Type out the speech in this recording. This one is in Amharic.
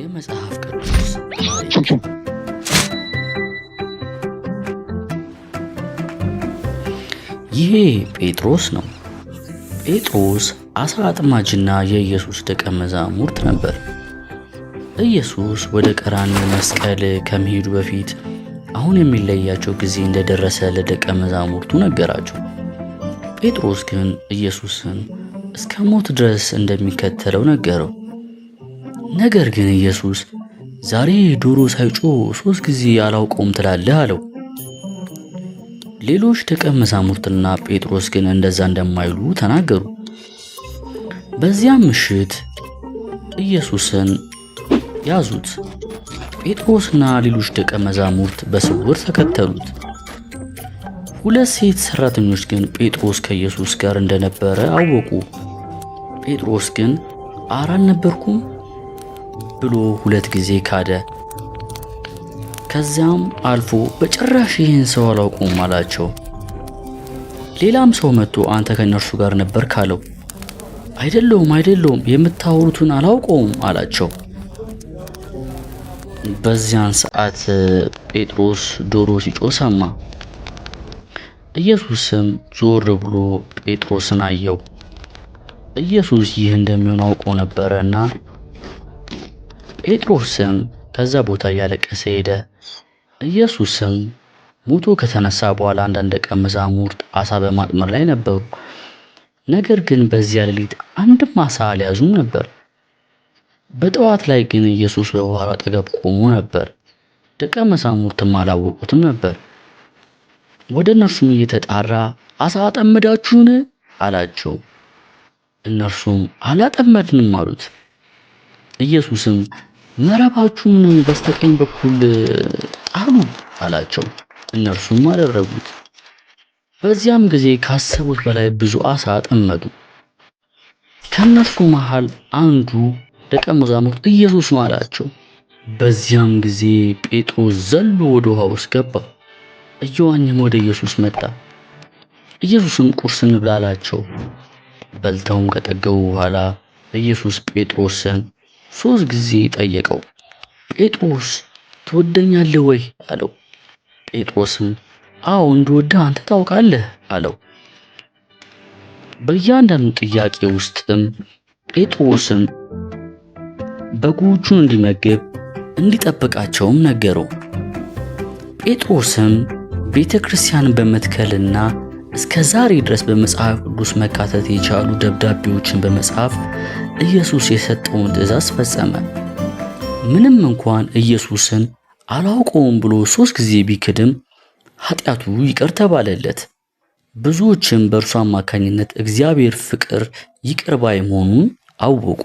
የመጽሐፍ ቅዱስ ይሄ ጴጥሮስ ነው። ጴጥሮስ አሳ አጥማጅና የኢየሱስ ደቀ መዛሙርት ነበር። ኢየሱስ ወደ ቀራንዮ መስቀል ከመሄዱ በፊት አሁን የሚለያቸው ጊዜ እንደደረሰ ለደቀ መዛሙርቱ ነገራቸው። ጴጥሮስ ግን ኢየሱስን እስከ ሞት ድረስ እንደሚከተለው ነገረው። ነገር ግን ኢየሱስ ዛሬ ዶሮ ሳይጮ ሶስት ጊዜ አላውቀውም ትላለህ አለው። ሌሎች ደቀ መዛሙርትና ጴጥሮስ ግን እንደዛ እንደማይሉ ተናገሩ። በዚያም ምሽት ኢየሱስን ያዙት። ጴጥሮስና ሌሎች ደቀ መዛሙርት በስውር ተከተሉት። ሁለት ሴት ሰራተኞች ግን ጴጥሮስ ከኢየሱስ ጋር እንደነበረ አወቁ። ጴጥሮስ ግን አራል አልነበርኩም ብሎ ሁለት ጊዜ ካደ። ከዚያም አልፎ በጭራሽ ይህን ሰው አላውቁም አላቸው። ሌላም ሰው መጥቶ አንተ ከእነርሱ ጋር ነበር ካለው፣ አይደለውም አይደለውም የምታወሩትን አላውቀውም አላቸው። በዚያን ሰዓት ጴጥሮስ ዶሮ ሲጮ ሰማ። ኢየሱስም ዞር ብሎ ጴጥሮስን አየው። ኢየሱስ ይህ እንደሚሆን አውቆ ነበረ ና። ጴጥሮስም ከዛ ቦታ እያለቀሰ ሄደ። ኢየሱስም ሞቶ ከተነሳ በኋላ አንዳንድ ደቀ መዛሙርት አሳ በማጥመር ላይ ነበሩ። ነገር ግን በዚያ ሌሊት አንድም አሳ አልያዙም ነበር። በጠዋት ላይ ግን ኢየሱስ በባሕሩ አጠገብ ቆሞ ነበር። ደቀ መዛሙርትም አላወቁትም ነበር። ወደ እነርሱም እየተጣራ አሳ አጠመዳችሁን? አላቸው። እነርሱም አላጠመድንም አሉት። ኢየሱስም መረባችሁን በስተቀኝ በኩል አሉ አላቸው። እነርሱም አደረጉት። በዚያም ጊዜ ካሰቡት በላይ ብዙ አሳ አጠመዱ። ከእነርሱ መሃል አንዱ ደቀ መዛሙርት ኢየሱስ ነው አላቸው። በዚያም ጊዜ ጴጥሮስ ዘሎ ወደ ውሃ ውስጥ ገባ፣ እየዋኘም ወደ ኢየሱስ መጣ። ኢየሱስም ቁርስ እንብላ አላቸው። በልተውም ከጠገቡ በኋላ ኢየሱስ ጴጥሮስን ሶስት ጊዜ ጠየቀው። ጴጥሮስ ትወደኛለህ ወይ አለው? ጴጥሮስም አዎ እንድወድህ አንተ ታውቃለህ አለው። በእያንዳንዱ ጥያቄ ውስጥም ጴጥሮስም በጎቹን እንዲመግብ እንዲጠብቃቸውም ነገረው። ጴጥሮስም ቤተ ክርስቲያን በመትከልና እስከ ዛሬ ድረስ በመጽሐፍ ቅዱስ መካተት የቻሉ ደብዳቤዎችን በመጽሐፍ ኢየሱስ የሰጠውን ትእዛዝ ፈጸመ። ምንም እንኳን ኢየሱስን አላውቀውም ብሎ ሦስት ጊዜ ቢክድም ኃጢአቱ ይቅር ተባለለት። ብዙዎችም በእርሱ አማካኝነት እግዚአብሔር ፍቅር ይቅር ባይ መሆኑን አወቁ።